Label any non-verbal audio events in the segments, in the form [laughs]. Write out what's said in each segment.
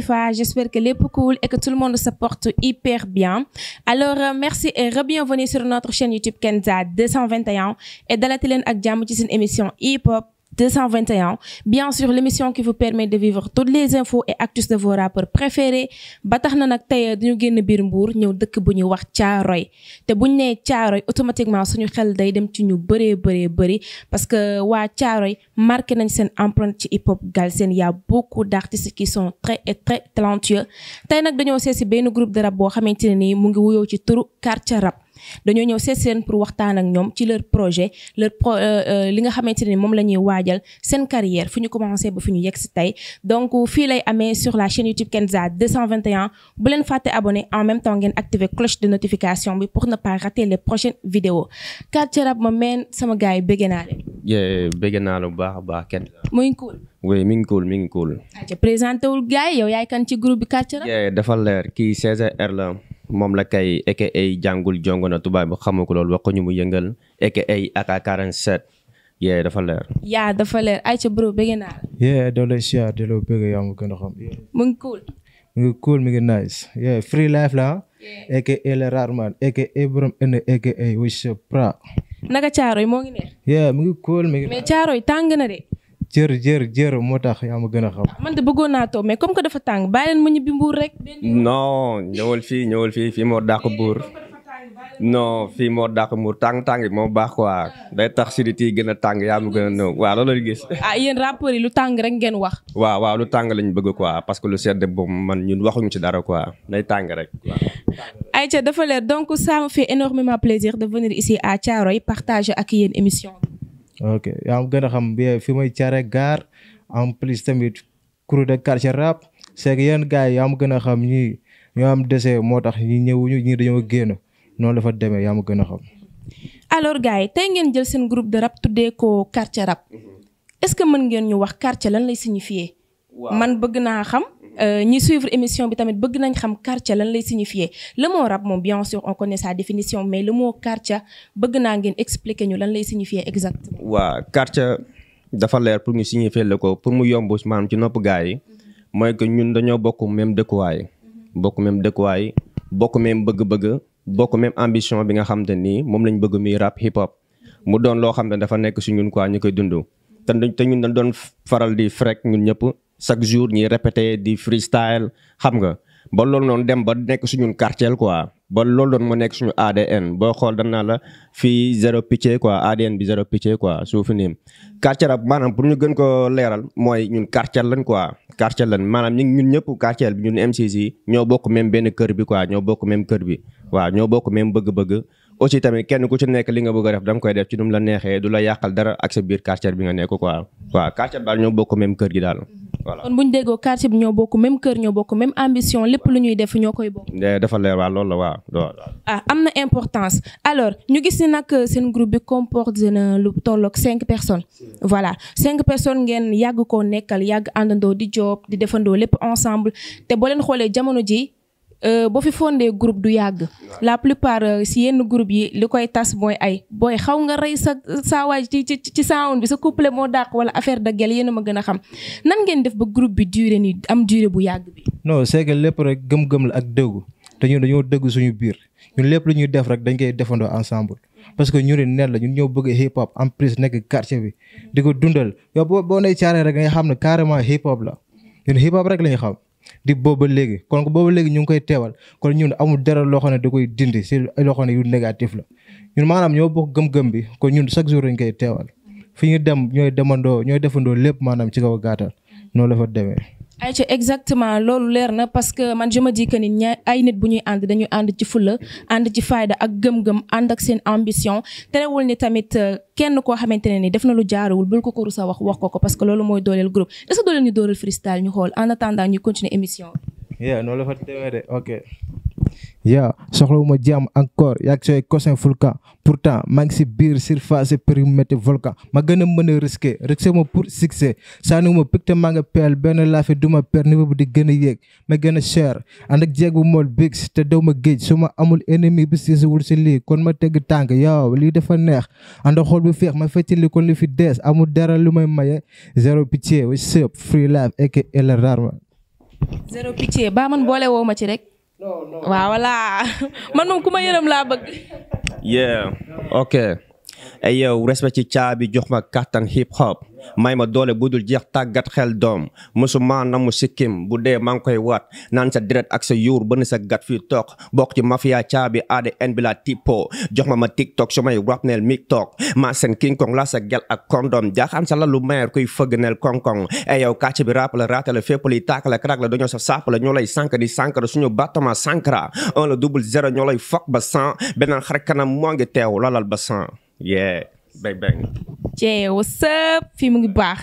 fois, J'espère que les cool et que tout le monde se porte hyper bien. Alors, euh, merci et re-bienvenue sur notre chaîne YouTube Kenza 221 et dans la télé avec une émission hip-hop 221. Bien sûr, l'émission qui vous permet de vivre toutes les infos et actus de vos rappeurs préférés. ba tax na nag tey dañu génn biir Mbour ñëw dëkk bu ñuy wax Thiaroye Té buñ né nee automatiquement suñu xel day dem ci ñu bëré bëré bëri parce que waa Thiaroye marqué nañ seen empreinte ci hip hop gal y a beaucoup d'artistes qui sont très et très talentueux Tay nak dañoo seesi benn groupe de rap bo xamante ne nii mu ngi wuyoo ci turu quartier Rap dañoo ñëw seet seen pour waxtaan ak ñoom ci leur projet leur pro euh, euh, li nga xamante ne moom la ñuy waajal seen carrière fu ñu commencé ba fu ñu yegg si tey donc fii lay amee sur la chaîne YouTube Kenza 221 bu leen fàtte abonné en même temps ngeen activer cloche de notification bi pour ne pas rater les prochaines vidéos Kathia Rab ma meen sama gars yi bëgg naa leen. bëgg bu baax baax Kenza. mu cool. oui mi ngi cool mi ngi cool. présenté wul gars yow yaay kan ci groupe bi Kathia Rab. dafa leer kii 16 la. moom la kay eke ay jàngul jongona tubaab bi xamu ko loolu mu yëngal eke ay aka 47 yee dafa leer. yaa dafa leer ayca bro bëgg naa la. yee doo lay yaa ma gën a xam. mu ngi cool. mu ngi cool mi ngi nice. yee free life la eke ay la rare man eke ay borom ene eke ay wisa pra. naka caaroy moo ngi neex. yee mu ngi cool mi ngi. mais caaroy tàng na de. jër jër jër moo tax yaa ma gën a xam. man de bëggoon naa toog mais comme que dafa tàng bàyyi leen ma ñibbi mbuur rek. non ñëwal fii ñëwal fii fii moo dàq buur non fii moo dàq mbuur tàng tàng moo baax quoi day tax sidit yi gën a tàng yaa ma gën a nëw waaw loolu lañu gis. ah yéen rappeurs lu tàng rek ngeen wax. waa waaw lu tàng lañ bëgg quoi parce que lu sedd boobu man ñun waxuñu ci dara quoi day tàng rek waaw. Aïcha dafa leer donc ça me énormément plaisir de venir ici yaa ngi gën a xam bi fi may caare gar en plus tamit crew de quartier rap c'est que yéen gars yi yaa ma gën a xam ñii ñoo am dese moo tax ñi ñëwuñu ñii dañoo génn noonu la fa demee yaa ma gën a xam. alors gars yi tey ngeen jël seen groupe de rap tuddee ko quartier rap mhm. est-ce que mën ngeen ñu wax quartier lan lay signifier. man bëgg naa xam. Euh, ñi suivre émission bi tamit bëgg nañ xam karcha lan lay signifier le mot rab moom bien sûr on connaît sa définition mais le mot karcha bëgg dafa leer pour ñu signifier la ko pour mu yomb maanaam ci nopp gaa yi mooy que ñun dañoo bokk même dëkkuwaay bokk même dëkkuwaay bokk même bëgg-bëgg bokk même ambition bi nga xam te nii moom lañ bëgg muy rap hip hop mu doon loo xam ne dafa nekk si ñun quoi ñu koy dund. te ñun dañ doon faral di frek ñun ñëpp. chaque jour ñuy répété di freestyle xam nga ba loolu noonu dem ba nekk suñu quartier quoi ba loolu noonu mu nekk suñu ADN boo xool dañ naa la fii zéro pitié quoi ADN bi zéro pitié quoi suuf nii quartier rap maanaam pour ñu gën ko leeral mooy ñun quartier lañ quoi quartier lañ maanaam ñun ñëpp quartier bi ñun MCC ñoo bokk même benn kër bi quoi ñoo bokk même kër bi waaw ñoo bokk même bëgg-bëgg. aussi tamit kenn ku ci nekk li nga bëgg a def da nga koy def ci nu la neexee du la yàqal dara ak sa biir quartier bi nga nekk quoi waaw quartier bi daal ñoo bokk même kër gi daal voilà. kon bu ñu déggoo quartier bi ñoo bokk même kër ñoo bokk même ambition lépp lu ñuy def ñoo koy bokk. dafa leer waaw loolu la waaw ah am na importance alors ñu gis ni nag euh, seen groupe bi comporte euh, na lu tolloog cinq personnes. voilà cinq personnes ngeen yàgg koo nekkal yàgg àndandoo di job di defandoo lépp ensemble te boo leen xoolee jamono ji Euh, boo fi fondee groupe du yàgg la plupart euh, si yenn groupe yi li koy tas mooy ay booy xaw nga rey sa saawaay ci ci ci bi sa couple moo daax wala affaire de gel yéen ma gën a xam nan ngeen def ba groupe bi durée ni am durée bu yàgg bi. non c'est lépp rek gëm-gëm la ak dëggu te ñun dañoo dëgg suñu biir ñun lépp lu ñuy def rek dañ koy defandoo ensemble. parce que ñu ne nen la ñu ñëw bëggee hip hop en plus nekk quartier bi di ko dundal yow boo boo nee caaree rek nga xam ne carrément hip hop la ñun hip rek la ñu di booba léegi kon booba léegi ñu ngi koy teewal kon ñun amul dara loo xam ne da koy dindi si loo xam yu négatif la ñun maanaam ñoo bokk gëm-gëm bi kon ñun chaque jour dañ koy teewal fi ñu dem ñooy demandoo ñooy defandoo lépp maanaam ci kaw gàttal noonu la fa demee exactement parce que je me dis que ni ay nit bu ñuy dañuy ànd ci fulla ànd ci fayda ak gëm-gëm ànd ak seen ambition terewul ni tamit euh, kenn koo xamante lu bul ko ko rusa wax wax parce que loolu mooy groupe est-ce que dooleel ñu dooleel freestyle en attendant ñu continuer émission. yeah noonu la fa demee ok. yaa soxlawuma jàmm encore yaag sooy cosin fulka pourtant maa ngi si biir surface périmètre volcan ma gën a mën a risqué risqué ma pour succès saaniwuma picte maa nga peel benn laafi duma per niveau bu di gën a yéeg ma gën a cher ànd ak jeeg bu mool bix te daw ma géej suma amul ennemi bi siisiwul si lii kon ma teg tànk yow lii dafa neex ànd xool bu feex ma fecci li kon li fi dees amul dara lu may maye zéro pitié wa sëp free life ek el rarma zéro pitié baa waaw voilà [laughs] man moom ku ma yërëm laa bëgg. yeah ok. ay yow respecté caabi jox ma kattan hip hop may ma doole bu dul jeex tàggat xel doom musuma na mu sikkim bu dee maa ngi koy waat naan sa deret ak sa yuur bënn sa gat fii toog bokk ci mafia caabi ADN bi la tippo jox ma ma tiktok su may rap neel mic toog maa seen king kong laa sa gel ak kondom jaaxaan sa la lu meer kuy fëgg neel konkong ay yow kàcc bi rap la raate la fépp li la krak la sa saap la ñoo lay sànk di sànk la suñu battement sankra un la double zéro ñoo lay fokk ba cent beneen xar kanam moo ngi teew lalal ba yeah bang bang. jee what's up fii mu ngi baax.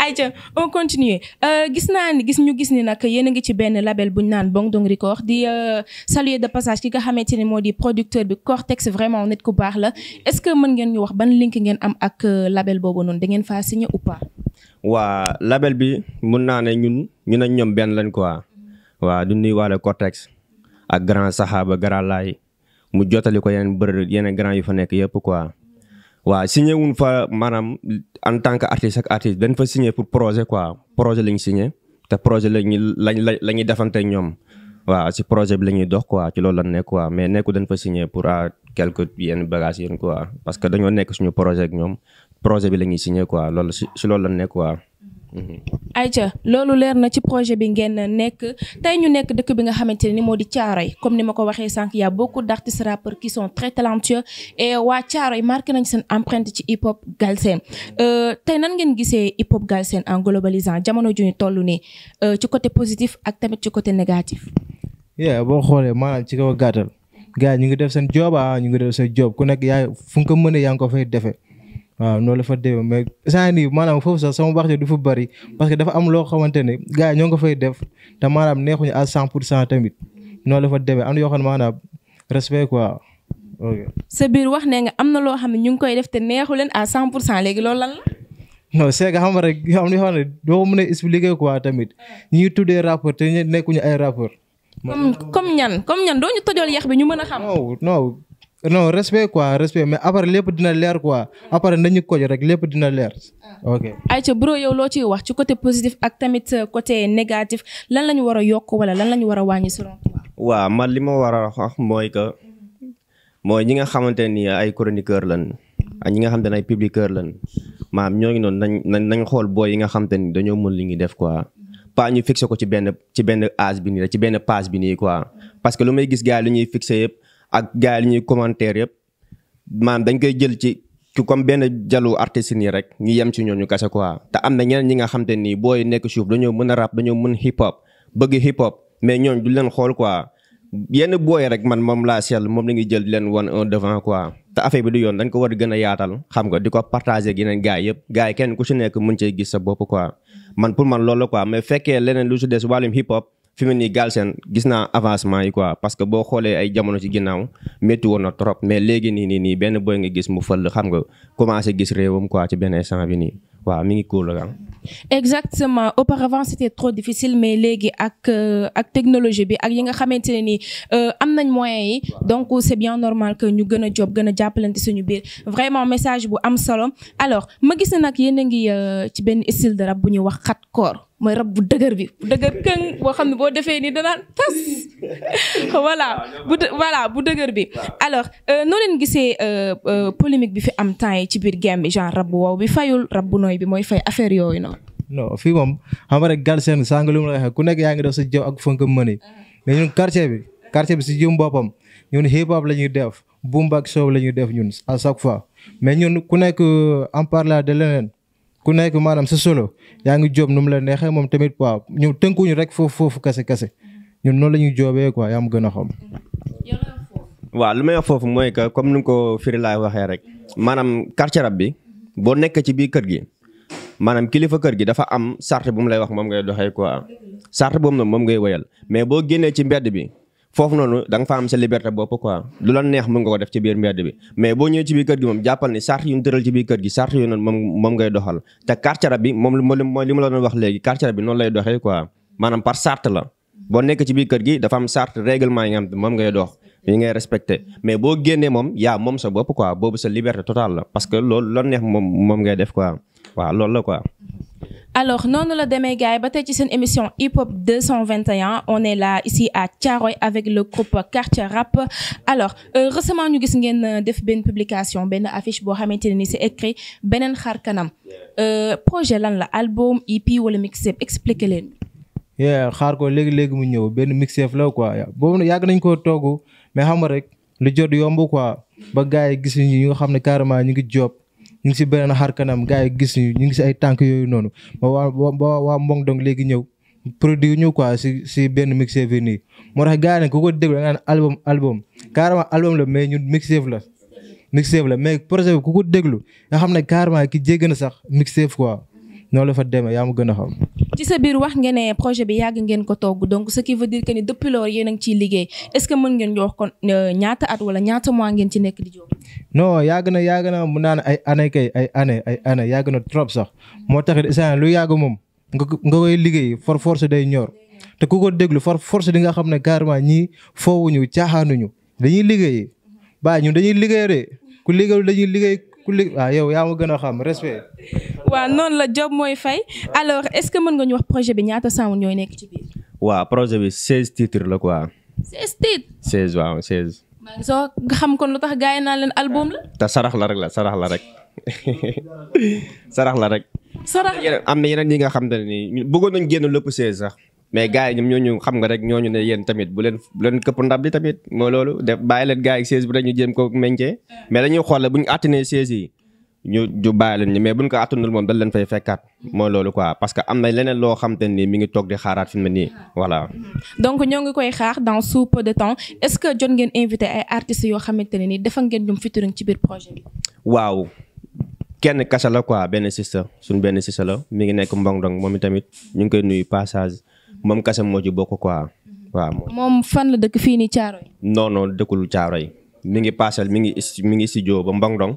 ay [laughs] ayca on continue euh, gis naa ni gis ñu gis ni nag yéen a ngi ci benn label bu ñu naan Bong Dong Record di euh, saluer de passage ki nga xamante ne moo di producteur bi Cortex vraiment nit ku baax la est-ce que mën ngeen ñu wax ban link ngeen am ak euh, label boobu noonu da ngeen faa signé ou waa label bi mun naa ne ñun ñu ne ñoom benn lañ quoi. Mm-hmm. waa du nuy waale Cortex. ak grand saxaaba grand laay mu jotali ko yeneen bërë yeneen grand yu fa nekk yëpp quoi. waaw signé wuñ fa maanaam en tant que artiste ak artiste dañ fa signé pour projet quoi projet lañ signé te projet lañu lañ la la ñuy defante ñoom waa si projet bi la ñuy dox quoi ci lool la nekk quoi mais nekku dañ fa pour à ah, quelques yenn bagages yéen parce que dañoo nekk suñu projet ak ñoom projet bi la ñuy signé quoi loolu si si loolu la nekk quoi. ay ca loolu leer na ci projet bi ngeen nekk tey ñu nekk dëkk bi nga xamante ne ni moo di caaroy comme ni ma ko waxee sànq y'a beaucoup d'artistes rappeurs qui sont très talentueux et waa Thiaroye marqué nañ seen empreinte ci hip hop galsen euh, tey nan ngeen gisee hip hop galsen en globalisant jamono ju ñu toll nii euh, ci côté positif ak tamit ci côté négatif. yeah boo xoolee maanaam ci kaw gàttal gars ñu ngi def seen job ah, ñu ngi def seen job ku nekk yaa fu nga ko mënee yaa ngi defee. waaw noonu la fa demee mais saa nii maanaam foofu sax sama wax du fa bëri parce que dafa am loo xamante ne gars yi ñoo nga fay def te maanaam neexuñu à pour cent tamit noonu la fa demee am na yoo xam ne maanaam respect quoi. sa biir wax ne am na loo xam ne ñu ngi koy def te neexu leen à cent pour cent léegi loolu lan la. no c'est xam rek am na yoo xam ne doo mën a expliquer quoi tamit ñi tuddee rapport te nekkuñu ay rapport. comme comme ñan comme ñan doo ñu tojol bi ñu mën a xam. non non respect quoi respect mais après lépp dina leer quoi après nañu ko rek lépp dina leer. Ah. ok ayca bro yow loo ci wax ci côté positif ak tamit euh, côté négatif lan la ñu war a yokk wala lan la ñu war a wàññi selon toi. waaw man li ma war a wax mooy que mooy ñi nga xamante nii ay chroniqueur lan ak ñi nga xamante ne ay publiqueur lan maam ñoo ngi noonu nañ nañ nañ xool booy yi nga xamante ni dañoo mën li ñuy def quoi. pas ñu fixé ko ci benn ci benn âge bi nii rek ci benn passe bi nii quoi parce que lu may gis gars yi lu ñuy fixé yëpp. ak gars yi ñuy commentaire yëpp maanaam dañ koy jël ci ci comme benn jalu artistes yi rek ñu yem ci ñooñu kase quoi te am na ñeneen ñi nga xam te nii booy nekk suuf dañoo mën a rap dañoo mën hip hop bëgg hip hop mais ñooñu du leen xool quoi yenn booy rek man moom laa seetlu moom la ñuy jël di leen wan un devant quoi te affaire bi du yoon dañ ko war a gën a yaatal xam nga di ko partager ak yeneen gars yëpp gars yi kenn ku ci nekk mën cee gis sa bopp quoi man pour fi mu ne nii Galsen gis avancement yi quoi parce que boo les ay jamono ci ginnaaw métti woon trop mais les gens nii nii benn boy nga gis mu fël xam nga commencé gis réewam quoi ci benn instant bi nii waaw mi ngi cool la exactement auparavant c'était trop difficile mais les ak euh, ak technologie bi ak yi nga xamante ne nii euh, am nañ moyens yi donc c'est bien normal que ñu gën a job gën a jàppalante suñu biir vraiment message bu am solo alors ma gis na nag yéen a ngi euh, ci benn style de rap bu ñuy wax xat koor mooy rab bu dëgër bi bu dëgër këŋ boo xam ne boo defee ni danaan tas [laughs] voilà bu bu dëgër bi alors euh, noo leen gisee euh, euh, polémique bi fi am temps yi ci biir game bi rab bu bi fayul rab bu nooy bi mooy fay affaire yooyu noonu non moom xam nga rek Galsen sànq lu mu la waxee ku nekk yaa ngi def sa jëf ak fënka mëni uh-huh. mais bi quartier bi si jëm boppam ñun hip hop la ñuy def boom bag show la ñuy def ñun a chaque fois mais ñun ku nekk en parlant de ku nekk maanaam sa solo yaa ngi joob nu mu la neexee moom tamit waaw ñu tënkuñu rek foofu foofu kase kase ñun noonu la ñuy joobee quoi yaa am gën a xam. waaw lu may wax foofu mooy que comme ni ko firi laay waxee rek maanaam quartier bi boo nekk ci biir kër gi maanaam kilifa kër gi dafa am sart bu mu lay wax moom ngay doxee quoi sart boobu nag moom ngay wéyal mais boo génnee ci mbedd bi. foofu noonu da nga fa am sa liberté bopp quoi lu la neex mën nga ko def ci biir mbedd bi mais boo ñëwee ci biir kër gi moom jàppal ni sart yu ñu tëral ci biir kër gi sart yu noonu moom ngay doxal te carcera bi moom li ma la doon wax léegi carcera bi noonu lay doxee quoi maanaam par sart la boo nekk ci biir kër gi dafa am sart règlement yi nga xam moom ngay dox yi ngay respecté mais boo génnee moom yaa moom sa bopp quoi boobu sa liberté totale la parce que loolu loolu neex moom moom ngay def quoi waaw loolu la quoi. alors noonu la demee gars yi ba tey ci seen émission hip hop 221 on est là ici à Tiaroy, avec le groupe Quartier Rap alors euh, récemment ñu gis ngeen euh, def benn publication benn affiche boo xamante ne ni c'est écrit Benen xar kanam euh, projet lan la album EP wala mixtape expliquez leen. yeah xaar ko léegi léegi mu ñëw benn mixef la quoi boobu yàgg nañ koo togg mais xam nga rek lu jot yomb quoi ba gars yi gis ñu nga xam ne carrément ñu ngi job ñu ngi si beneen xar kanam gars yi gis ñu ñu ngi si ay yooyu noonu ba waa ba waa Mbong Dong léegi ñëw produit ñu quoi si si benn mixef nii moo tax gars yi ku ko déglu da nga naan album album carrément album la mais ñun mixef la mixef la mais projet bi ku ko déglu nga xam ne carrément ki jégg na sax mixef quoi. noonu la fa demee yaa gën a xam. ci sa wax ngeen ne projet bi yàgg ngeen ko togg donc ce qui veut dire que ni depuis lors yéen a ngi ciy liggéey est-ce que mën ngeen ñu kon euh, ñaata at wala ñaata mois ngeen ci nekk di jóg. non na yàgg na mu naan ay année kay ay année ay année yàgg na trop sax moo taxit isaan lu yàgg moom nga nga koy liggéey for force day ñor te ku ko déglu for force di nga xam ne carrément ñii foowuñu caaxaanuñu dañuy liggéey ba ñun dañuy liggéey de ku liggéeyul dañuy ku liggéey waaw yow yaa ma gën a xam respect. waa noonu la job mooy fay alors est-ce que mën nga ñu wax projet bi ñaata sound ñooy nekk ci biir. waaw projet bi seize titres la quoi. seize titres. seize waaw seize. maa soo xam kon lu tax gars yi naan leen album la. te sarax la rek la sarax la rek sarax la rek. sarax am na yeneen yi nga xam te ne nii bëggoon nañ génn lépp seize sax. mais gars yi ñoom ñooñu xam nga rek ñooñu ne yéen tamit bu leen bu këpp ndab li tamit moo loolu def bàyyi leen gars yi seize bi rek ñu jéem ko meññee ah. mais dañuy xool bu ñu atténuer seize yi. ñu ñu bàyyi leen ñi mais buñ ko moom dal leen fay fekkaat mooy loolu quoi parce que am na leneen loo xam te ni mi ngi toog di xaaraat fi mu ne nii voilà. donc ñoo ngi koy xaax dans sous peu de temps est ce que jot ngeen invité ay artistes yoo xamante ne ni dafa ngeen ñoom featuring ci biir projet bi. waaw kenn kasa la quoi benn sista suñ benn sista la mi ngi nekk Mbong Dong moom tamit ñu ngi koy nuyu passage moom kasa moo ci bokk quoi waaw. moom fan la dëkk fii nii Thiaroye. non non dëkkul Thiaroye mi ngi passé mi ngi mi ngi studio ba Mbong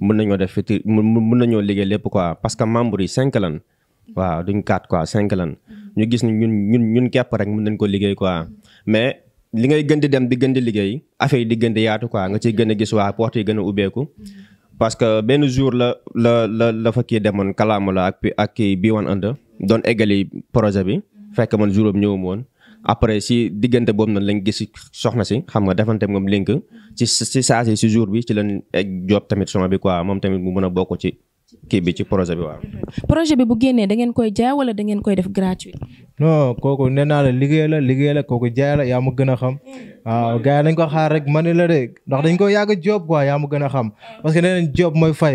mën nañoo def fii mën nañoo liggéey lépp quoi parce que membre yi cinq lan waaw duñ quatre quoi cinq lan ñu gis ni ñun ñun ñun képp rek mën nañ ko liggéey quoi mais li ngay gën di dem di gën di liggéey affaire yi di gën di yaatu quoi nga ciy gën a gis waa porte yi gën a ubbeeku parce que benn jour la la la la fa kii demoon kalaamu la ak ak kii bii wan ànd doon eggali projet bi fekk man jour am ñëwum woon après si diggante boobu noonu lañ gis soxna si xam nga defante moom link ci si saa si jour bi ci lañ egg job tamit son bi quoi moom tamit mu mën a bokk ci kii bi ci projet bi waaw. projet bi bu génnee da ngeen koy jaay wala da ngeen koy def gratuit. non kooku nee la liggéey la liggéey la kooku jaay la yaa ma gën a xam. waaw gars yi nañ ko xaar rek mani la de ndax dañ ko yàgg job quoi yaa ma gën a xam parce que nee nañ mooy fay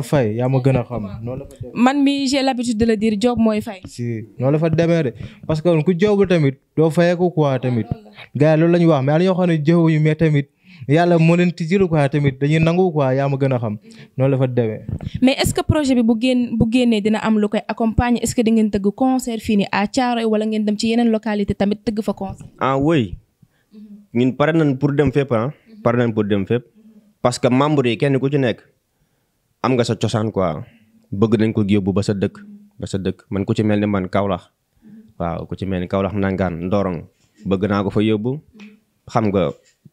a fay yaa ma gën a xam. noonu la fa demee man mi j'ai l'habitude de le dire job mooy fay. si noonu la fa demee de parce que ku jobul tamit doo fayeeku quoi tamit gars loolu la ñu wax mais am xam ne jëwuñu mais tamit. yàlla moo leen tijjil quoi tamit dañuy nangu quoi yaa ma gën a xam noonu la fa demee. mais est-ce que projet bi bu génnee dina am lu koy accompagner est-ce que da ngeen tëgg concert fii nii à Thiaroye wala ngeen dem ci yeneen localité tamit tëgg fa concert. ah oui ñun pare nañ pour dem fépp ah. pare dem fépp parce que membre yi kenn ku ci nekk am nga sa cosaan quoi bëgg nañ ko yóbbu ba sa dëkk ba sa dëkk man ku ci mel ni man Kaolack waaw ku ci mel ni Kaolack nangaan Ndorong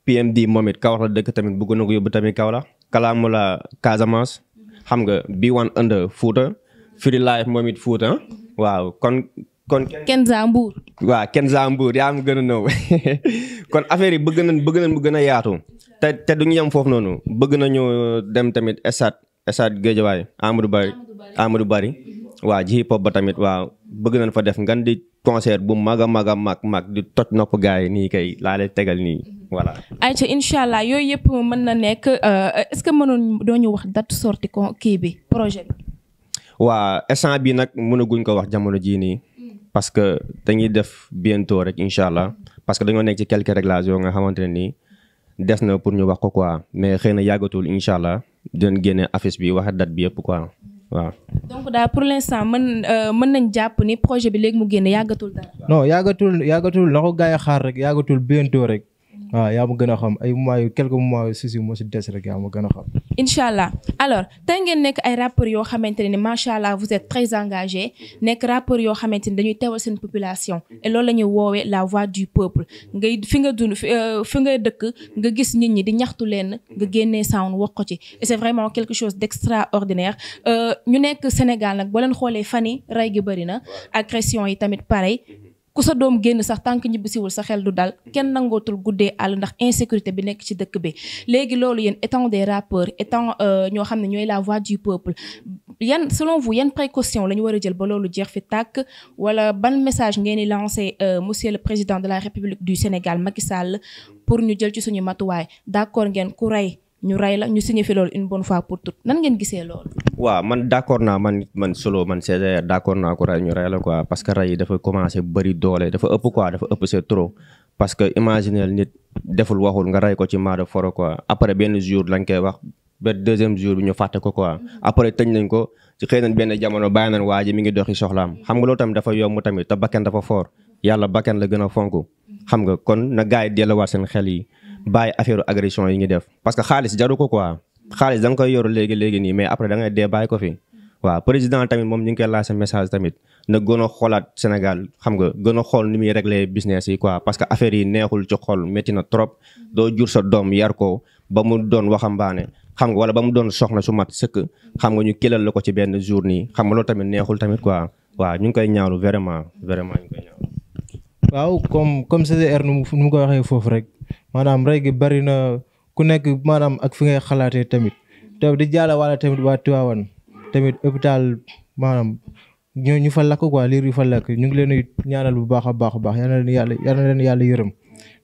PMD moom it Kaolack la dëkk tamit bëgg na ko yóbbu tamit Kaolack Kalamula Casamance xam nga bi 1 under Fouta Free Life moom it Fouta waaw kon kon Kenza Mbour waaw Kenza Mbour yaa am gën a nëw [laughs] kon affaire yi bëgg nañ bëgg nañ mu gën a yaatu te te duñu yem foofu noonu bëgg na ñëw dem tamit esat esat Géejawaay Amadou Bari Amadou Bari waaw ji hip ba tamit waaw bëgg nañ fa def ngan di concert bu mag a mag a mag mag di toj nopp gars yi nii kay laa lay tegal nii voilà. ayca incha allah yooyu yëpp mën na nekk euh, est-ce que mënoon doo ñu wax date sortie ko kii bi projet bi. waa instant bi nag mënaguñ ko wax jamono jii nii. parce que dañuy def bientôt rek incha allah parce que dañoo nekk ci quelques réglages yoo nga xamante ne nii des na pour ñu wax ko quoi mais xëy na yàggatul incha allah dinañ génne affiche bi wax date bi yëpp quoi. waaw. donc daal pour l'instant mën euh, mën nañ jàpp ni projet bi léegi mu génn yàggatul dara. non yàggatul yàggatul na ko gars yi xaar rek yàggatul bientôt rek. waaw ah, yaa a quelques moments si alors ngeen ay vous êtes très engagé nekk rappeurs yoo xamante dañuy population et loolu la ñuy la voix du peuple ngay fi nga dund fi euh, nga dëkk nga gis nit ñi di ñaxtu nga et c'est vraiment quelque chose d'extraordinaire euh, ñu Sénégal nag boo leen Fanny fan yi rey gi pareil ku sa doom génn sax tànk ñibbisiwul sa xel du dal kenn nangootul guddee àll ndax insécurité bi nekk ci dëkk bi léegi loolu yéen étant des rappeurs étant euh, ñoo xam ne ñooy la voix du peuple yan selon vous yan précaution la ñu war a jël ba loolu jeex fi tàkk wala ban message ngeen di lancé euh, monsieur le président de la république du Sénégal Macky Sall pour ñu jël ci suñu matuwaay d'accord ngeen ku rey ñu rey la ñu signé fi loolu une bonne fois pour toutes nan ngeen gisee loolu. waaw man d' naa man solo man c'est d' accord naa ko rey ñu rey la quoi parce que rey yi dafa commencé bëri doole dafa ëpp quoi dafa ëpp c'est trop parce que imaginer nit deful waxul nga rey ko ci maa de foro quoi après benn jour lañ koy wax ba deuxième jour bi ñu fàtte ko quoi après tëj nañ ko ci xëy nañ benn jamono bàyyi nañ waa ji mi ngi doxi soxlaam xam nga loolu tamit dafa yomb tamit te dafa fort yàlla bakkan la gën a fonk xam nga kon na yi. bàyyi affaire agression yi ngi def parce que xaalis jaru ko quoi xaalis da nga koy yor léegi léegi nii mais après da dee bàyyi ko fi waaw président tamit moom ñu ngi koy lancé message tamit na gën a xoolaat Sénégal xam nga gën xool ni muy réglé business yi quoi parce que affaire yi neexul ci xool metti na trop doo jur sa doom yar ko ba mu doon waxambaane xam nga wala ba mu doon soxna su mat sëkk xam nga ñu kilal la ko ci benn jour nii xam nga loo tamit neexul tamit quoi waaw ñu ngi koy ñaawlu vraiment vraiment ñu ko waxee foofu rek. maanaam rey gi bari na ku nekk maanaam ak fi ngay xalaatee tamit te di jaale wala tamit waa Tiwaawan tamit hôpital maanaam ñoo ñu fa lakk quoi liir yu fa lakk ñu ngi leen di ñaanal bu baax a baax baax yal na leen yàlla yal na leen yàlla yërëm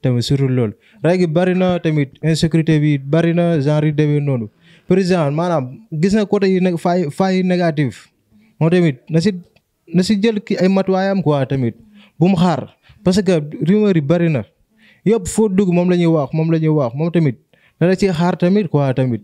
tamit surtout lool rey gi bari na tamit insécurité bii bari na genre yu demee noonu président maanaam gis na côté yi nag faay faay négatif moo tamit na si na si jël ki ay matuwaayam quoi tamit bu mu xaar parce que rumeur yi bari na yëpp foo dugg moom la ñuy wax moom la waax moom tamit dala ci xaar tamit quoi tamit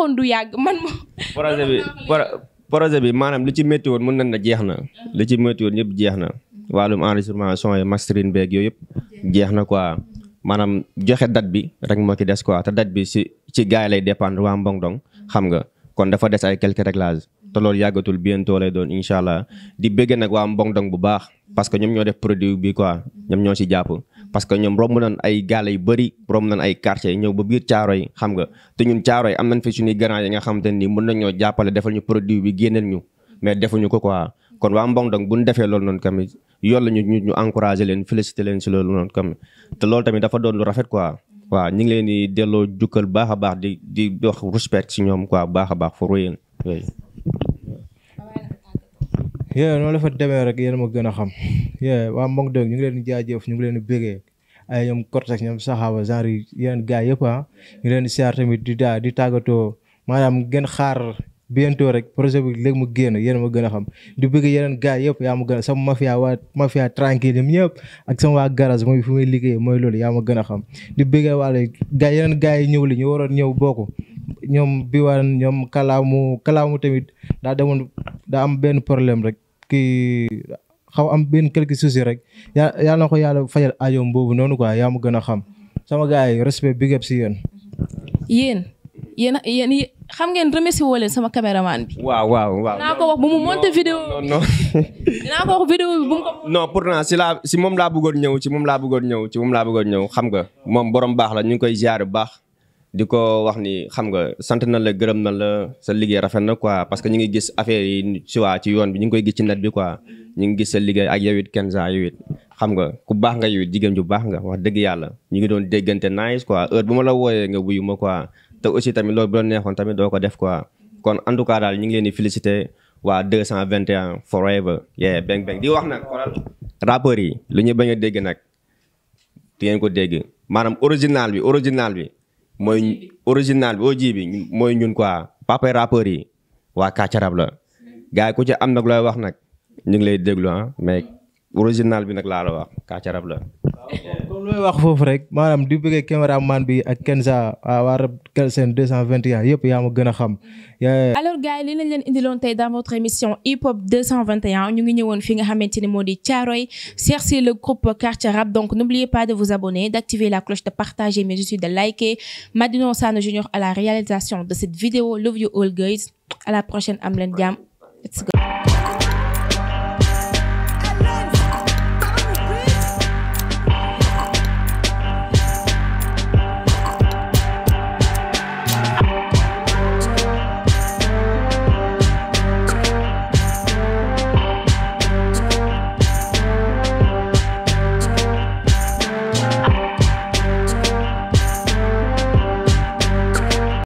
waxoon du yàgg man moom. bi maanaam lu ci métti woon mën nañ na jeex na. Mhm. lu ci métti woon yëpp jeex na. Mhm. wàllum enregistrement son beeg yooyu yëpp jeex na quoi mhm. maanaam joxe date bi rek moo ki des quoi te date bi si ci gars yi lay dépendre waa Mbong Dong xam nga kon dafa des ay quelques réglages te loolu yàggatul bientôt lay doon incha allah di bëgg nag waa Mbong Dong bu baax parce que ñoom ñoo def produit bi quoi ñoom ñoo si jàpp. parce que ñoom romb nañ ay gaale yu bëri romb nañ ay quartier ñëw ba biir caaro yi xam nga te ñun caaro yi am nañ fi suñuy garant yi nga xamante ne nii mën nañoo jàppale defal ñu produit bi génneel ñu mais defuñu ko quoi kon waa Mbong-Dong bu ñu defee loolu noonu tamit yoon la ñu ñu encouragé leen félicité leen si loolu noonu kam te loolu tamit dafa doon lu rafet quoi waa ñu ngi leen di delloo jukkal baax a baax di di wax respect si ñoom quoi baax a baax fo royéen yooyu yee noonu la fa demee rek yéen ma gën a xam yee waa Mong Dog ñu ngi leen di ñu ngi leen di ay ñoom Cortex ñoom saxaaba genre yeneen yëpp ah di siyaar di daa maanaam ngeen xaar bientôt rek projet bi léegi mu génn yéen ma gën a xam di bëgg yeneen gars yëpp yaa ma gën a sama mafia waa mafia tranquille sama waa garage mooy fi may liggéey mooy loolu yaa ma gën a xam di bëggee wàlla gars yeneen gars yi ñëw li ñu waroon ñëw bokk ñoom bi waan ñoom kalaamu tamit daa demoon daa am benn problème rek kii xaw am benn quelque souci rek yaa na ko yàlla fajal ajoom boobu noonu quoi yaa ma gën a xam sama gars yi respect big up si yéen. yéen yéen yéen xam ngeen remercié woo leen sama caméraman bi. waaw waaw waaw dinaa mu monté vidéo bi [laughs] bu si laa si moom laa bëggoon ñëw ci moom laa bëggoon ñëw ci moom laa bëggoon ñëw xam nga moom borom baax la ñu ngi koy ziar bu baax. di ko wax ni xam nga sant na la gërëm na la sa liggéey rafet na quoi parce que ñu ngi gis affaire yi si waa ci yoon bi ñu ngi koy gis ci net bi quoi ñu ngi gis sa liggéey ak yow it Kenza yow it xam nga ku baax nga yow it ju baax nga wax dëgg yàlla ñu ngi doon déggante nice quoi heure bu ma la wooyee nga wuyu ma te aussi tamit loolu bu neexoon tamit doo ko def quoi kon en tout cas daal ñu ngi leen di féliciter waa 221 forever yeah bang bang di wax nag xoolal yi lu ñuy bañ a dégg nag di ngeen ko dégg maanaam original bi original bi mooy original bi OG bi mooy ñun ko papa rappeur yi waa Kaccarab la gars yi ku ci am nag looy wax nag ñu ngi lay déglu ah mais original bi nag laa la wax Kaccarab la. [laughs] comme wax rek di bi ak Kenza 221 ah, xam. alors gars yi li lañ leen dans votre émission hip hop 221 ñu ngi ñëwoon fi nga xamanteni modi moo di le groupe Quartier Rap donc n'oubliez pas de vous abonner d'activer la cloche de partager mais aussi de liker Madino Sano Junior à la réalisation de cette vidéo love you all guys à la prochaine am leen let's go.